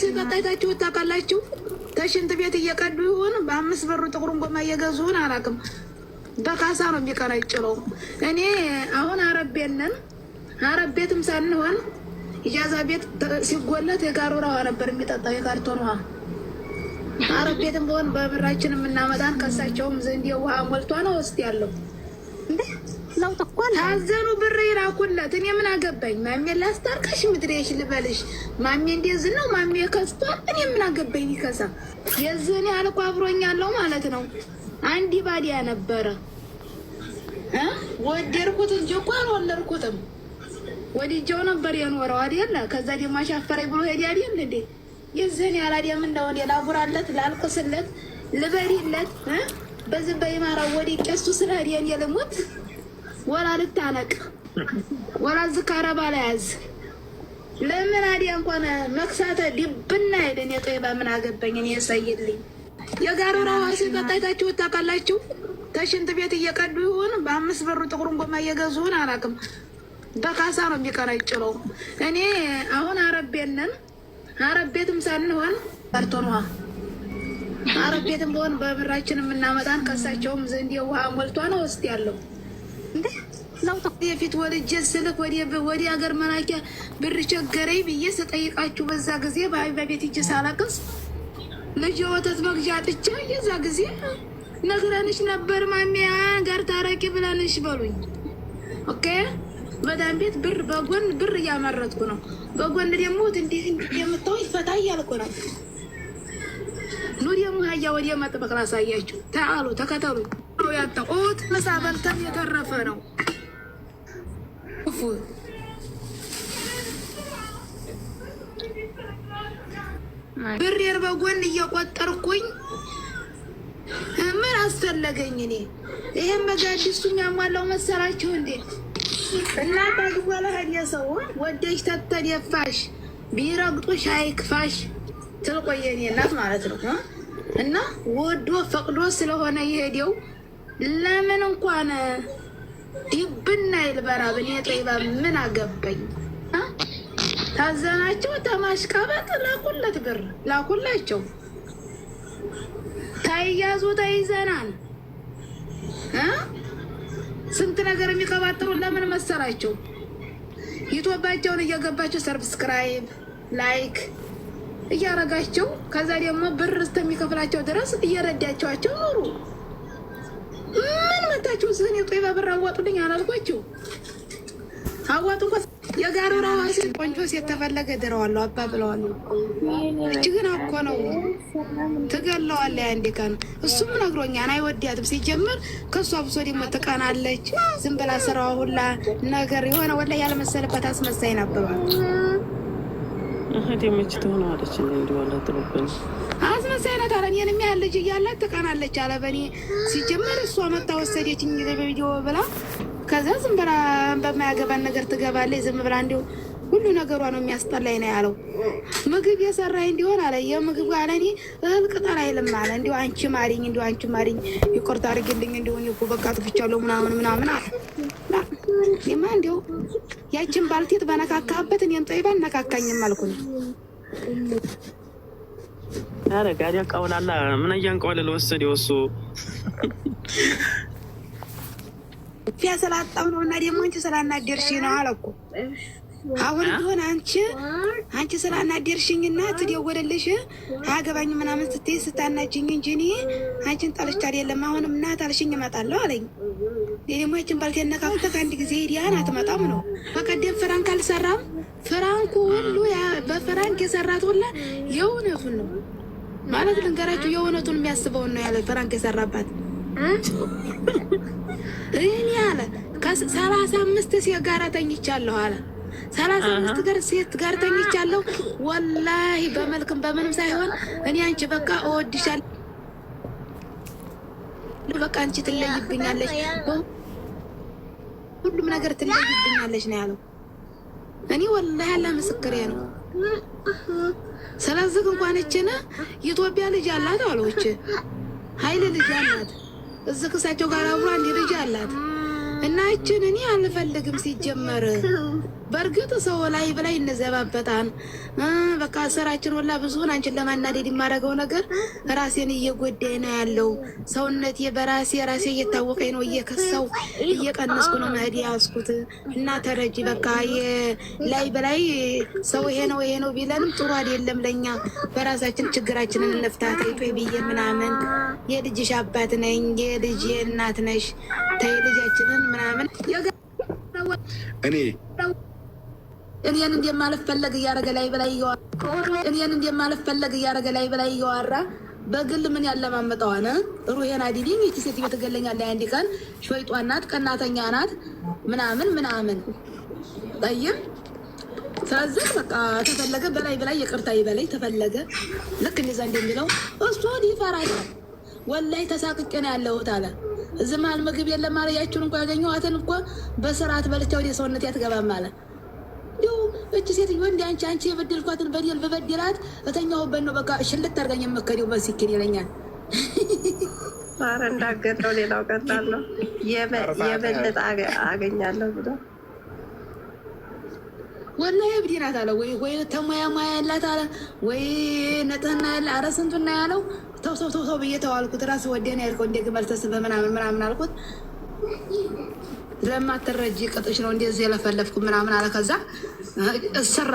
ሲቀጣ አይታችሁ ታውቃላችሁ? ከሽንት ቤት እየቀዱ ይሆን በአምስት ብሩ ጥቁሩን ጎማ እየገዙን አላውቅም። በካሳ ነው የሚቀነጭለው። እኔ አሁን አረብ የለን አረብ ቤትም ሳንሆን እጃዛ ቤት ሲጎለት የጋሩራ ውሃ ነበር የሚጠጣ የካርቶን ውሃ። አረብ ቤትም በሆን በብራችን የምናመጣን ከሳቸውም ዘንድ የውሃ ሞልቷ ነው ውስጥ ያለው እንዴ ለውጥ እኮ ታዘኑ ብር ይላኩላት። እኔ ምን አገባኝ? ማሜ ላስታርቀሽ ምድሬሽ ልበልሽ። ማሜ እንደዚህ ነው ማሜ ከስቷል። እኔ ምን አገባኝ? ይከሳ የዚህን ያህል እኮ ማለት ነው። አንድ ባዲያ ነበረ ወደድኩት እንጂ እኮ አልወለድኩትም። ወዲጀው ነበር የኖረው አይደለ? ከዛ ደግሞ አሻፈረኝ ብሎ ሄድ አይደል እንዴ? የዚህን ያህል እንደሆነ ላቡራለት፣ ላልቅስለት፣ ልበሪለት በዚህ በይማራ ወዲ ቄሱ ስለ እኔ ልሙት ወላ ልታነቅ ወላ ዝካራ ባላያዝ ለምን አዲያ እንኳን መክሳተ ዲብና አይደን የጠይባ ምን አገባኝ እኔ የሳይልኝ የጋረራ ራዋሲ ቀጣይታችሁ ታውቃላችሁ። ተሽንት ቤት እየቀዱ ይሁን በአምስት ብር ጥቁሩን ጎማ እየገዙ ይሁን አላውቅም። በካሳ ነው የሚቀረጭለው። እኔ አሁን አረብ የለን አረብ ቤትም ሳንሆን ቀርቶን አረብ ቤትም በሆን በብራችን የምናመጣን ከሳቸውም ዘንድ የውሃ ሞልቷ ነው ውስጥ ያለው እንዴ የፊት ወልጄ ስልክ ወዲህ ሀገር መላኪያ ብር ቸገረኝ ብዬ ስጠይቃችሁ በዛ ጊዜ በቤት እጅ ሳላቅስ ልጅ ወተት መግዣ ጥቻ የዛ ጊዜ ነግረንሽ ነበር ማሚያ ጋር ታረቂ ብለንሽ በሉኝ። ኦኬ በዳን ቤት ብር በጎን ብር እያመረጥኩ ነው። በጎን ደግሞ እንዲህ የምታው ይፈታ እያልኩ ነው። ወዲያም አህያ ወዲያ መጥበቅ ላሳያችሁ። ተአሉ ተከተሉ። ያጠቁት ምሳ በልተን የተረፈ ነው። ብሬር በጎን እየቆጠርኩኝ ምን አስፈለገኝ? እኔ ይህም በጋዲሱ የሚያሟላው መሰላችሁ እንዴ? እናት አግቧላ ሀዲያ ሰውን ወደሽ የፋሽ ቢረግጡሽ አይክፋሽ ትልቆየኔ እናት ማለት ነው። እና ወዶ ፈቅዶ ስለሆነ የሄደው ለምን እንኳን ዲብና ይልበራ ብኔ ጠይባ ምን አገባኝ። ታዘናቸው ተማሽቃበጥ ላኩለት ብር ላኩላቸው። ታይያዙ ተይዘናል። ስንት ነገር የሚቀባጥሩ ለምን መሰላቸው? ይቶባቸውን እየገባቸው ሰብስክራይብ ላይክ እያረጋቸው ከዛ ደግሞ ብር እስከሚከፍላቸው ድረስ እየረዳቸዋቸው ኖሩ። ምን መታችሁ ስህን የጦባ ብር አዋጡልኝ አላልኳቸው። አዋጡ እንኳ የጋር ረዋ ቆንጆ ሴት ተፈለገ ድረዋለሁ አባ ብለዋሉ። እች ግን እኮ ነው ትገለዋለ አንድ ቀን እሱም ና ይወዲያትም ሲጀምር ከእሱ አብሶ ደግሞ ትቀናለች። ዝም ብላ ስራዋ ሁላ ነገር የሆነ ወላ ያለመሰለበት አስመሳይ ናበባል እህቴ መች ትሆነ አለች። እንዲ አላጥሩብን አስመሳይ ናት አለ። እኔንም ያህል ልጅ እያላት ትቀናለች አለ። በእኔ ሲጀመር እሷ መታ ወሰደችኝ በቪዲዮ ብላ ከዛ ዝም ብላ በማያገባን ነገር ትገባለች። ዝም ብላ እንዲሁ ሁሉ ነገሯ ነው የሚያስጠላኝ ነው ያለው። ምግብ የሰራ እንዲሆን አለ የምግብ ጋር እኔ እህል ቅጠል አይልም አለ። እንዲሁ አንቺ ማሪኝ፣ እንዲሁ አንቺ ማሪኝ፣ ይቆርጥ አድርግልኝ፣ እንዲሁ በቃ ጥፍቻለሁ ምናምን ምናምን አለ እኔማ እንዲያው ያችን ባልቴት በነካካበት እኔም ጠይባ እነካካኝም አልኩኝ። ኧረ ጋዲ አቃውላላ ምን እያንቀዋለል ወሰድ የወሱ ፊያ ስላጣው ነው እና ደግሞ አንቺ ስላናደርሽ ነው አለኩ። አሁን ቢሆን አንቺ አንቺ ስላናደርሽኝና ትደወለልሽ አገባኝ ምናምን ስትይ ስታናጅኝ እንጂ እኔ አንቺን ጠልቻት የለም። አሁንም ና ታልሽኝ እመጣለሁ አለኝ። የማችን ባልቴ ካፍተህ ከአንድ ጊዜ ሄዲያን አትመጣም ነው። በቀደም ፍራንክ አልሰራም። ፍራንኩ ሁሉ በፍራንክ የሰራት ሁለ የእውነቱን ነው ማለት ልንገራችሁ፣ የእውነቱን የሚያስበውን ነው ያለ ፍራንክ የሰራባት እኔ አለ ከሰላሳ አምስት ሴት ጋር ተኝቻለሁ አለ ሰላሳ አምስት ጋር ሴት ጋር ተኝቻለሁ። ወላሂ በመልክም በምንም ሳይሆን እኔ አንቺ በቃ እወድሻለሁ በቃ አንቺ ትለይብኛለች። ሁሉም ነገር ትለይብኛለች ነው ያለው። እኔ ወላሂ ያለ ምስክሬ ነው። ስለዚህ እንኳን እችን የኢትዮጵያ ልጅ አላት አለች ኃይል ልጅ አላት እዚህ ክሳቸው ጋር አብሮ አንድ ልጅ አላት እና እችን እኔ አልፈልግም። ሲጀመር በእርግጥ ሰው ላይ በላይ እንዘባበታን በቃ ስራችን ወላ ብዙን አንችን ለማናደድ የማደርገው ነገር ራሴን እየጎዳኝ ነው ያለው። ሰውነቴ በራሴ ራሴ እየታወቀኝ ነው፣ እየከሰው እየቀነስኩ ነው መሄድ ያዝኩት። እና ተረጂ በቃ ላይ በላይ ሰው ይሄ ነው ይሄ ነው ቢለንም ጥሩ አይደለም ለኛ። በራሳችን ችግራችንን እንፍታ ብዬ ምናምን የልጅሽ አባት ነኝ፣ የልጅ እናት ነሽ፣ ተይ ልጃችንን ምናምን እኔ እኔን እንደማልፈለግ እያደረገ ላይ በላይ እኔን እንደማልፈለግ እያደረገ ላይ በላይ እየዋራ በግል ምን ያለማመጠዋነ ሩሄን አዲዲኝ ይቺ ሴት እየተገለኛለ አንድ ቀን ሸይጧ ናት፣ ቀናተኛ ናት፣ ምናምን ምናምን ጠይም ስለዚህ በቃ ተፈለገ በላይ በላይ ይቅርታ ይበለኝ ተፈለገ ልክ እንደዛ እንደሚለው እሷን ይፈራል። ወላይ ተሳቅቄ ነው ያለሁት አለ። እዚህ መሀል ምግብ የለም አለ። ያችሁን እንኳ ያገኘኋትን እኮ በስርዓት በልቻ ወደ ሰውነት ያትገባም አለ። እንዲሁ እች ሴትዮ እንዲ አንቺ አንቺ የበደልኳትን በደል በበደላት እተኛሁበት ነው በቃ ሽልት አድርገኝ የምከደው በሲኪን ይለኛል። ኧረ እንዳገጠው ሌላው ቀላል ነው የበለጠ አገኛለሁ ብሎ ወላሂ እብድ ናት አለ። ወይ ወይ ተሙያ ሙያ ያላት አለ ወይ ነጥህና ያለ አረ ስንቱና ያለው ተው ተው ተው ብዬ ተዋልኩት። ራስ ወደን ያልከው እንደ ግመል ተስበ ምናምን ምናምን አልኩት። ለማትረጂ ቅጥሽ ነው እንደዚህ የለፈለፍኩ ምናምን አለ። ከዛ እስራ